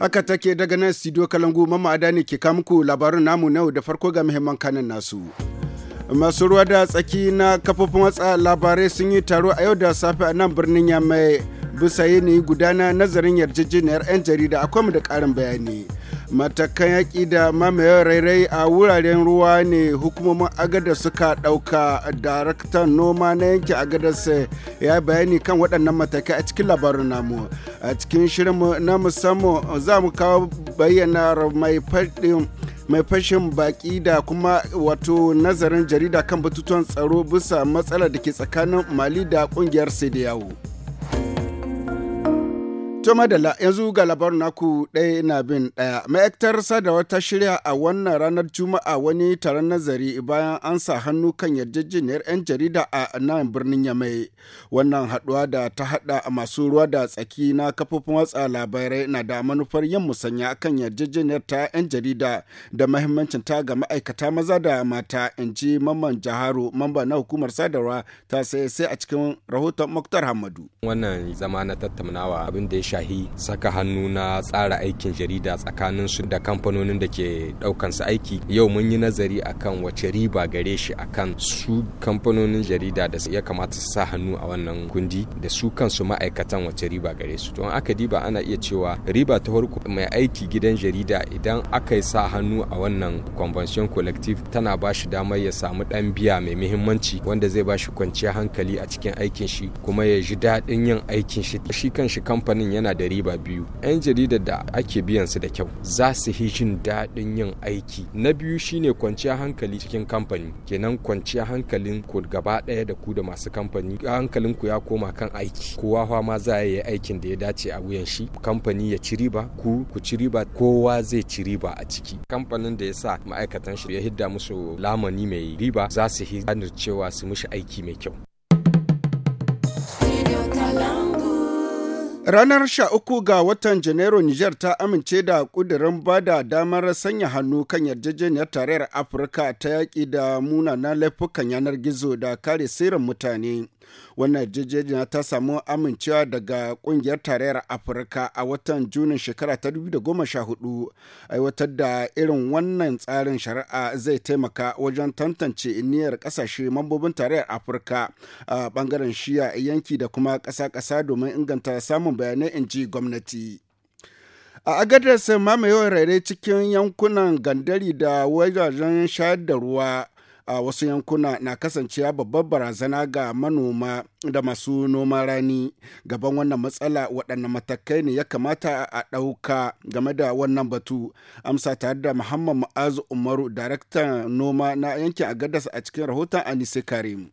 Haka take daga nan studio Kalangu Mama Adani ke muku labarin namu na da farko ga muhimman kanan nasu. Masu ruwa da tsaki na kafofin watsa labarai sun yi taro a yau da safe a nan birnin Yamai bisa ne gudana nazarin yarjejeniyar 'yan jarida akwai mu da karin bayani. Matakan yaƙi da mamaye rairai a wuraren ruwa ne hukumomin agada suka ɗauka daraktan noma na yanki agadarsa ya bayani kan waɗannan matakai a cikin labarin namu. a cikin shirin na musamman za mu kawo bayyana mai faɗin mai fashin baƙi da kuma wato nazarin jarida kan batutuwan tsaro bisa matsalar da ke tsakanin mali da ƙungiyar sai da yawo. To madalla yanzu ga labarin naku ɗaya na bin ɗaya. Ma'aikatar sadarwa ta shirya a wannan ranar Juma'a wani taron nazari bayan an sa hannu kan yarjejeniyar 'yan jarida a nan birnin Yamai. Wannan haɗuwa da ta haɗa masu ruwa da tsaki na kafofin watsa labarai na da manufar yin musanya kan yarjejeniyar ta 'yan jarida da mahimmancin ta ga ma'aikata maza da mata in ji Mamman Jaharu mamba na hukumar sadarwa ta sai sai a cikin rahoton Muktar Hamadu. Wannan zama na tattaunawa abin da ya shahi saka hannu na tsara aikin jarida tsakanin su da kamfanonin da ke daukan su aiki yau mun yi nazari akan wace riba gare shi akan su kamfanonin jarida da ya kamata su sa hannu a wannan kundi da su kansu ma'aikatan wace riba gare su don aka diba ana iya cewa riba ta farko mai aiki gidan jarida idan aka yi sa hannu a wannan convention collective tana ba shi damar ya samu dan biya mai muhimmanci wanda zai ba shi kwanciyar hankali a cikin aikin shi kuma ya ji daɗin yin aikin shi shi kan shi kamfanin yana da riba biyu 'yan jaridar da ake biyan su da kyau za su yi jin daɗin yin aiki na biyu shine kwanciya hankali cikin kamfani kenan kwanciya hankalin ku gaba ɗaya da ku da masu kamfani hankalin ku ya koma kan aiki kowa ma za ya yi aikin da ya dace a wuyan shi kamfani ya ci riba ku ku ci riba kowa zai ci riba a ciki kamfanin da ya sa ma'aikatan shi ya hidda musu lamani mai riba za su yi cewa su mishi aiki mai kyau Ranar 13 ga watan Janairu Nijar ta amince da ƙudurin bada damar sanya hannu kan yarjejeniyar tarayyar Afirka ta yaƙi da munanan laifukan yanar gizo da kare sirrin mutane. Wannan yarjejeniya ta samu amincewa daga kungiyar tarayyar Afirka a watan Junin shekara ta 2014. Aiwatar da irin wannan tsarin shari'a zai taimaka wajen tantance niyyar kasashe mambobin tarayyar Afirka a bangaren shiya yanki da kuma kasa kasa domin inganta samun bayanai in ji gwamnati. a agadar mamaye rairai cikin yankunan gandari da wajajen shayar da ruwa a wasu yankuna na kasancewa babbar barazana ga manoma da masu noman rani gaban wannan matsala waɗanne matakai ne ya kamata a ɗauka game da wannan batu amsa tare da muhammad ma'azu umaru daraktan noma na yankin agadas a cikin rahoton anise karim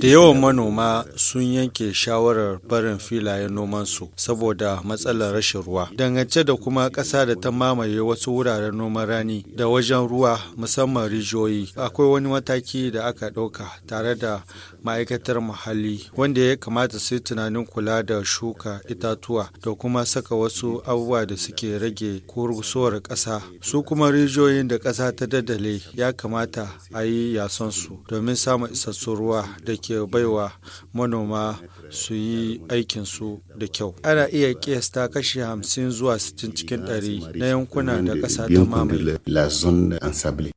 da yawan manoma sun yanke shawarar barin filayen nomansu saboda matsalar rashin ruwa dangance da kuma ƙasa da ta mamaye wasu wuraren noman rani da wajen ruwa musamman rijiyoyi akwai wani mataki da aka ɗauka tare da ma'aikatar muhalli wanda ya kamata su tunanin kula da shuka itatuwa da kuma saka wasu abubuwa da suke rage kurusowar ƙasa su kuma rijiyoyin da ƙasa ta daddale ya kamata a yi yason su domin samun isassun ruwa da ke baiwa manoma su yi aikin su da kyau ana iya kiyasta kashi hamsin zuwa sittin cikin ɗari na yankuna da ƙasa ta mamaye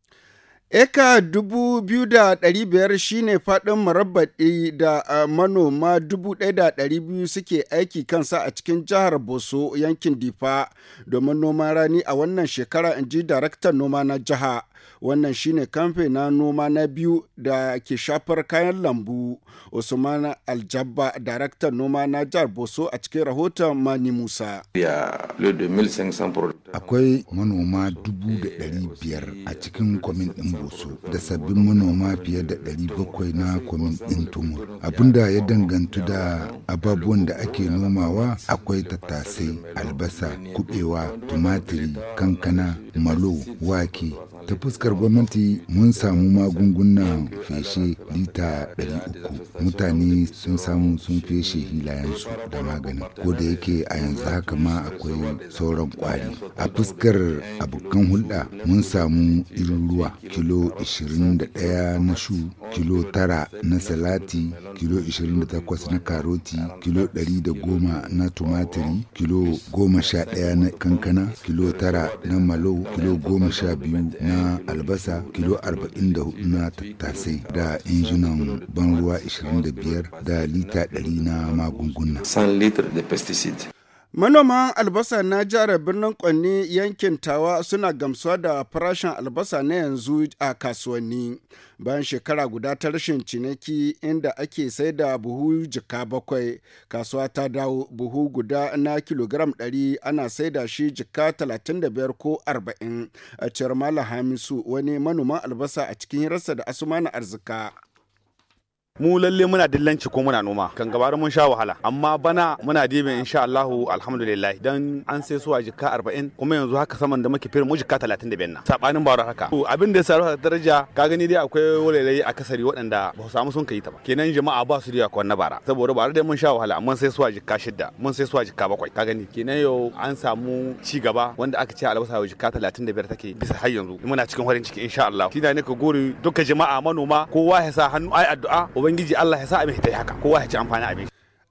Eka 2,500 ne faɗin marabbaɗi da manoma 1,200 suke aiki kansa a cikin jihar Boso yankin Difa domin noman rani a wannan shekara in ji daraktan noma na jiha. Wannan shine kamfe na noma na biyu da ke shafar kayan lambu. Usman Aljabba, daraktan noma na jihar Boso a cikin rahoton Mani Musa. Akwai manoma dubu da dari biyar a cikin kwamin din Boso da sabbin manoma fiye da dari bakwai na kwamin din Tumur. Abinda ya dangantu da ababuwan da ake nomawa akwai tattasai, albasa, kubewa tumatiri, kankana, malo, wake, fuskar gwamnati mun samu magungunan feshe lita 300 mutane sun samu sun feshe hilayensu da maganin ko da yake a yanzu haka ma akwai sauran kwari a fuskar abokan hulɗa mun samu irin ruwa kilo 21 na shu kilo 9 na salati kilo 28 na karoti kilo 110 na tumatiri kilo 11 na kankana kilo 9 na malo kilo 12 na albasa kilo 44 na tattasai da injunan ban ruwa 25 da lita 100 na magunguna. 100 litre de pesticide. Manoman albasa na jihar birnin Kwanni yankin Tawa suna gamsuwa da farashin albasa na yanzu a kasuwanni. Bayan shekara guda ta rashin ciniki inda ake sai da buhu jika bakwai, kasuwa ta dawo buhu guda na kilogram 100 ana sai da shi jika 35 ko 40 a cewar Malam Hamisu wani manoman albasa a cikin hirarsa da Asumana Arzika. mu lalle muna dillanci ko muna noma kan gabar mun sha wahala amma bana muna dibe insha Allah alhamdulillah dan an sai suwa jika 40 kuma yanzu haka saman da muke fir mu jika 35 na sabanin bara haka abin da ya saru daraja ka gani dai akwai wurare kasari waɗanda ba su samu sun kai ta ba kenan jama'a ba su riya ko na bara saboda ba da mun sha wahala mun sai suwa jika 6 mun sai suwa jika 7 ka gani kenan yau an samu ci gaba wanda aka ce albasa jika 35 take bisa har yanzu muna cikin farin ciki insha Allah shi ne ka gori duka jama'a manoma kowa ya sa hannu ai addu'a ubangiji Allah ya sa abin ta haka kowa ya ci amfani abin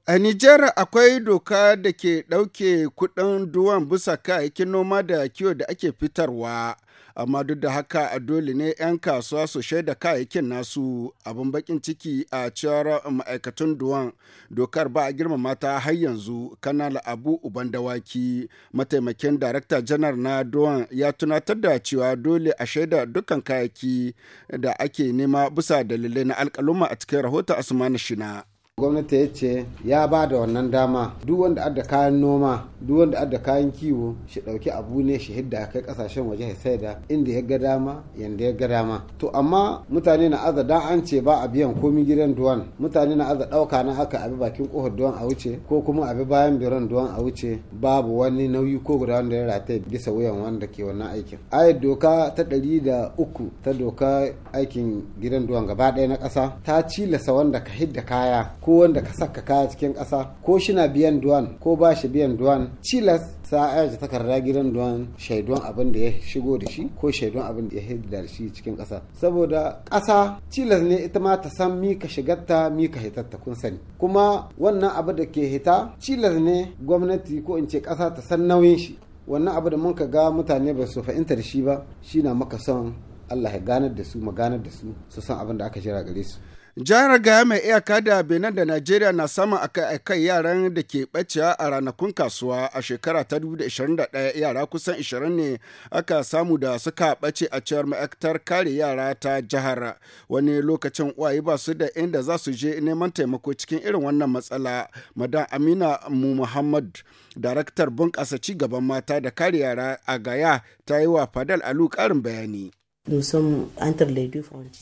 a Nijar akwai doka da ke ɗauke kuɗin duwan bisa kayayyakin noma da kiwo da ake fitarwa amma duk da haka dole ne 'yan kasuwa su shaida kayayyakin nasu abin bakin ciki a cewar ma'aikatun duwan dokar ba a girmama ta har yanzu kanal abu uban dawaki mataimakin darakta janar na duwan ya tunatar da cewa dole a shaida dukkan kayayyaki da ake nema bisa dalilai na alkaluma a cikin rahoton asuma shina. gwamnati ya ce ya ba da wannan dama duk wanda adda kayan noma duk wanda adda kayan kiwo shi dauki abu ne shi hidda kai kasashen waje ya saida inda ya ga dama yanda ya ga dama to amma mutane na aza dan an ce ba a biyan komi gidan duwan mutane na aza dauka na haka abi bakin kofar duwan a wuce ko kuma abi bayan biran duwan a wuce babu wani nauyi ko guda wanda ya rata bisa wuyan wanda ke wannan aikin ayi doka ta ɗari da uku ta doka aikin gidan duwan gaba ɗaya na kasa ta cilasa wanda ka hidda kaya ko wanda ka saka kaya cikin ƙasa ko shina biyan duwan ko ba shi biyan duwan cilas sa aje takarda gidan duwan shaiduwan abin da ya shigo da shi ko shaiduwan abin da ya hidda da shi cikin ƙasa saboda ƙasa cilas ne ita ma ta san mi ka shigarta mi ka hitarta kun sani kuma wannan abu da ke hita cilas ne gwamnati ko in ce ƙasa ta san nauyin shi wannan abu da mun ga mutane ba su fahimta da shi ba shi na maka son Allah ya ganar da su maganar da su su san abin da aka jira gare su Jihar Gaya mai iyaka da Benin da Najeriya na samun akai-akai yaran da ke ɓacewa a ranakun kasuwa a shekara ta 2021 yara kusan 20 ne aka samu da suka ɓace a cewar ma'aikatar kare yara ta jihar. Wani lokacin uwaye ba su da inda za su je neman taimako cikin irin wannan matsala. Madan Amina Mu Muhammad, daraktar bunƙasa ci gaban mata da kare yara a Gaya ta yi wa Fadal Alu ƙarin bayani.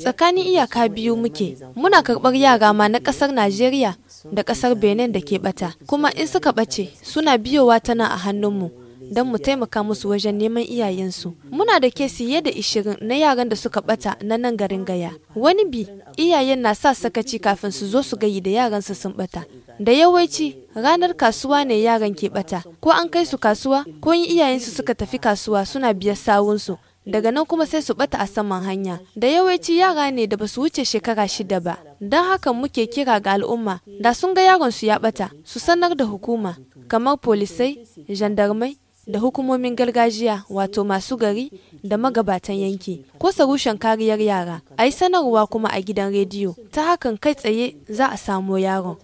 Tsakanin iyaka biyu muke, muna karɓar yara ma na ƙasar Najeriya da ƙasar Benin da ke ɓata, kuma in suka ɓace suna biyowa tana a hannunmu. don mu taimaka musu wajen neman iyayensu. Muna da kesi siye da ishirin na yaran da suka bata na nan garin gaya. Wani bi, iyayen na sa sakaci kafin su zo su gayi da yaran su sun bata. Da yawanci ranar kasuwa ne yaran ke bata, ko an kai su kasuwa, ko in iyayensu suka tafi kasuwa suna biyar sawunsu. daga nan kuma sai su bata a saman hanya da yawanci yara ne da ba su wuce shekara shida ba don haka muke kira ga al'umma da sun ga yaron su ya bata su sanar da hukuma kamar polisai jandarmai da hukumomin gargajiya wato masu gari da magabatan yanki ko sarushen kariyar yara a yi sanarwa kuma a gidan rediyo ta hakan kai tsaye za a samo yaron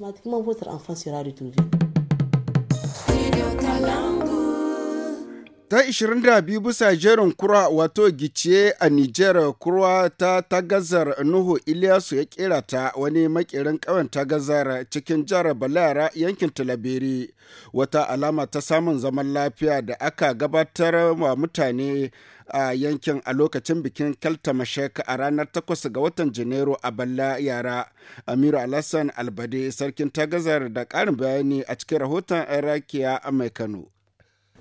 ta 22 bisa jerin kura wato gice a Nijar kurwa ta tagazar Nuhu Iliyasu ya kera ta wani makirin kawan tagazar cikin jihar Balara yankin Talabiri wata alama ta samun zaman lafiya da aka gabatar wa mutane a yankin a lokacin bikin kalta Mashek a ranar 8 ga watan Janairu a Balla Yara. Amiru Alassan Albade sarkin tagazar da ƙarin bayani a cikin rahoton Rakiya mai Kano.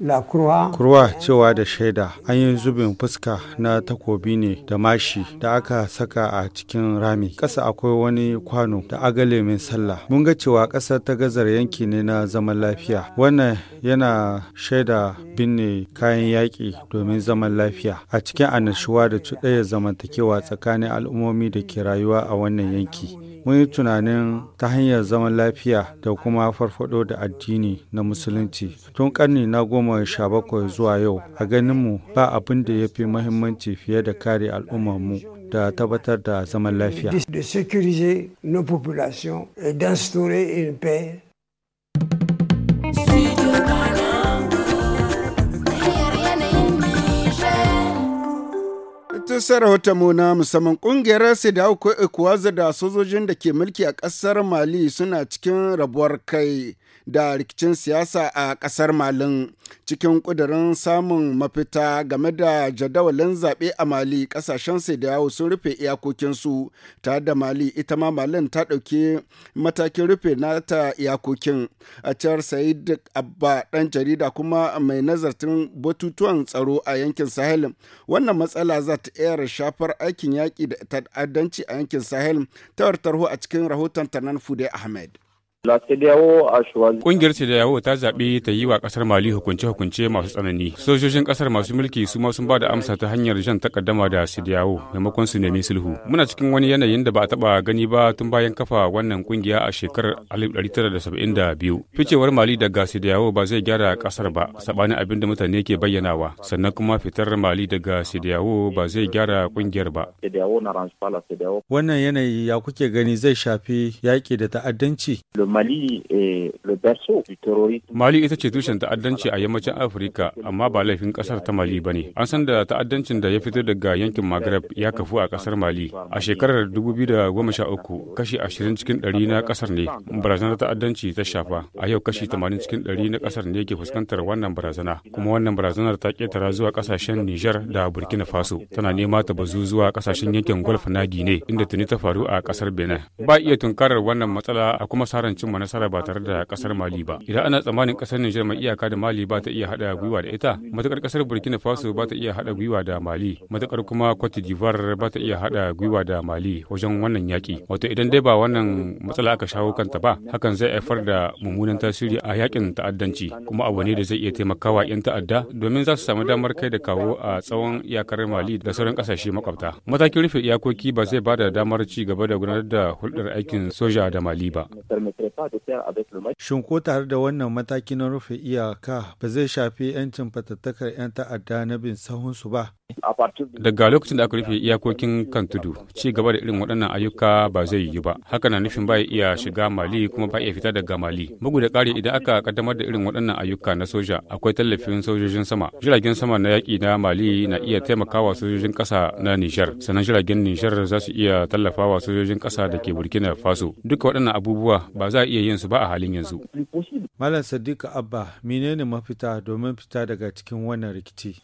La Croix cewa da shaida an yi zubin fuska na takobi ne da mashi da aka saka a cikin rami. Ƙasa akwai wani kwano da agale mai sallah. Mun ga cewa ƙasar ta gazar yanki ne na zaman lafiya. Wannan yana shaida binne kayan yaƙi domin zaman lafiya a cikin annashuwa da cuɗaya zamantakewa tsakanin al'ummomi da ke rayuwa a wannan yanki. mun yi tunanin ta hanyar zaman lafiya da kuma farfaɗo da addini na musulunci tun ƙarni na goma sha bakwai zuwa yau a ganinmu ba abin da ya fi mahimmanci fiye da kare al'ummarmu da tabbatar da zaman lafiya. Tusar mu na musamman kungiyar Sidaw ko Ikuwaza da sojojin da ke mulki a ƙasar Mali suna cikin rabuwar kai. da rikicin siyasa a ƙasar Malin cikin ƙudurin samun mafita game da jadawalin zaɓe a Mali ƙasashen yawo sun rufe iyakokinsu ta da Mali ita ma Malin ta ɗauki matakin rufe na ta iyakokin. A cewar Said Abba ɗan jarida kuma mai nazartin batutuwan tsaro a yankin Sahel wannan matsala za ta iya shafar aikin yaƙi da ta'addanci a yankin Sahel ta a cikin rahoton Tanan Fude Ahmed. kungiyar Sidiyawo ta zaɓi ta yi wa ƙasar Mali hukunce-hukunce masu tsanani. Sojojin ƙasar masu mulki su ma sun ba da amsa ta hanyar jan takaddama da Sidiyawo maimakon su nemi sulhu. Muna cikin wani yanayin da ba a taɓa gani ba tun bayan kafa wannan kungiya a shekarar 1972. Ficewar Mali daga Sidiyawo ba zai gyara ƙasar ba, saɓanin abin da mutane ke bayyanawa. Sannan kuma fitar Mali daga Sidiyawo ba zai gyara kungiyar ba. Wannan yanayi ya kuke gani zai shafi yaƙi da ta'addanci? Mali eh, le berceau du terrorisme. Mali ita ce tushen ta'addanci a yammacin Afirka amma ba laifin kasar ta Mali ba ne. An san da ta'addancin da ya fito daga yankin Maghreb ya kafu a kasar Mali. A shekarar 2013 kashi 20 cikin 100 na kasar ne barazanar ta'addanci ta shafa. A yau kashi 80 cikin 100 na kasar ne ke fuskantar wannan barazana. Kuma wannan barazanar ta ketara zuwa kasashen Niger da Burkina Faso. Tana nema ta bazu zuwa kasashen yankin Gulf na Guinea inda tuni ta faru a kasar Benin. Ba iya tunkarar wannan matsala a kuma saran cimma nasara ba tare da kasar Mali ba. Idan ana tsammanin kasar Nijar mai iyaka da Mali ba ta iya hada gwiwa da ita, matakar kasar Burkina Faso ba ta iya hada gwiwa da Mali, matakar kuma Cote d'Ivoire ba ta iya hada gwiwa da Mali wajen wannan yaki. Wato idan dai ba wannan matsala aka shawo kanta ba, hakan zai haifar da mummunan tasiri a yakin ta'addanci, kuma abu ne da zai iya taimakawa 'yan ta'adda domin za su samu damar kai da kawo a tsawon iyakar Mali da sauran kasashe makwabta. Matakin rufe iyakoki ba zai ba da damar ci gaba da gudanar da hulɗar aikin soja da Mali ba. Shin ko tare da wannan mataki na rufe iyaka ba zai shafi 'yancin fatattakar 'yan ta'adda na bin sahunsu ba? Daga lokacin da aka rufe iyakokin kan tudu, ci gaba da irin waɗannan ayyuka ba zai yiwu ba. Haka na nufin ba iya shiga Mali kuma ba iya fita daga Mali. Bugu da ƙari idan aka kaddamar da irin waɗannan ayyuka na soja, akwai tallafin sojojin sama. Jiragen sama na yaƙi na Mali na iya taimakawa sojojin ƙasa na Nijar. Sannan jiragen Nijar za su iya tallafawa sojojin ƙasa da ke Burkina Faso. Duka waɗannan abubuwa ba za a iya yin su ba a halin yanzu. Malam Sadiq Abba, menene mafita domin fita daga cikin wannan rikici?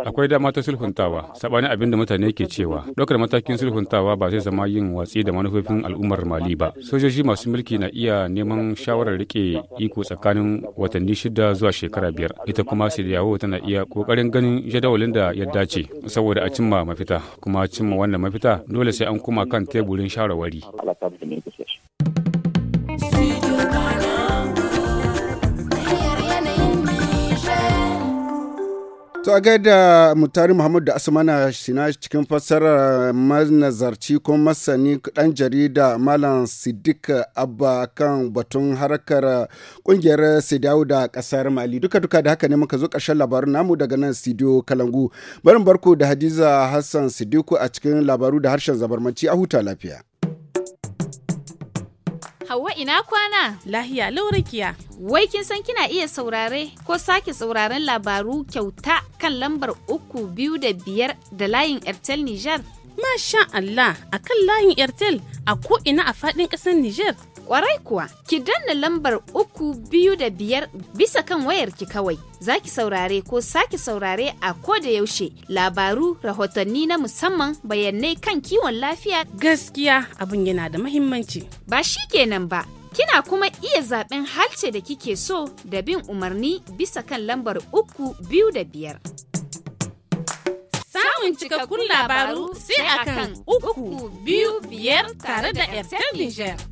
Akwai dama ta sulhuntawa, saɓanin abin da mutane ke cewa ɗaukar matakin sulhuntawa ba zai zama yin watsi da manufofin al'ummar Mali ba. Sojoji masu mulki na iya neman shawarar rike iko tsakanin watanni shida zuwa shekara biyar. Ita kuma Sidiyawo tana iya ƙoƙarin ganin jadawalin da ya dace saboda a cimma mafita, kuma cimma wannan mafita dole sai an kuma kan teburin shawarwari. To a gaida Mutari muhammadu da Asmana Shina cikin fassarar manazarci ko masani dan jarida Malam Siddiq Abba kan batun harkar kungiyar Sidawu da kasar Mali. Duka duka da haka ne muka zo ƙarshen labarun namu daga nan Sidiyo Kalangu. Barin barku da Hadiza Hassan Siddiqu a cikin labaru da harshen zabarmanci a huta lafiya. Hauwa ina kwana? Lahiya laurakiya. Wai kin san kina iya saurare ko sake sauraren labaru kyauta kan lambar uku biyu da biyar da layin Airtel Niger? Masha Allah a kan layin Airtel a ko ina a faɗin ƙasar Niger. Kwarai kuwa, ki danna lambar uku biyu da biyar bisa kan wayarki kawai. Za ki saurare ko sake saurare a ko da yaushe labaru, rahotanni na musamman bayanai kan kiwon lafiya. Gaskiya abin yana da mahimmanci. Ba shi kenan ba, Kina kuma iya zaben halce da kike so da bin umarni bisa kan lambar uku biyu da biyar. Samun cikakkun labaru sai akan uku biyu biyar tare da Airtel Niger.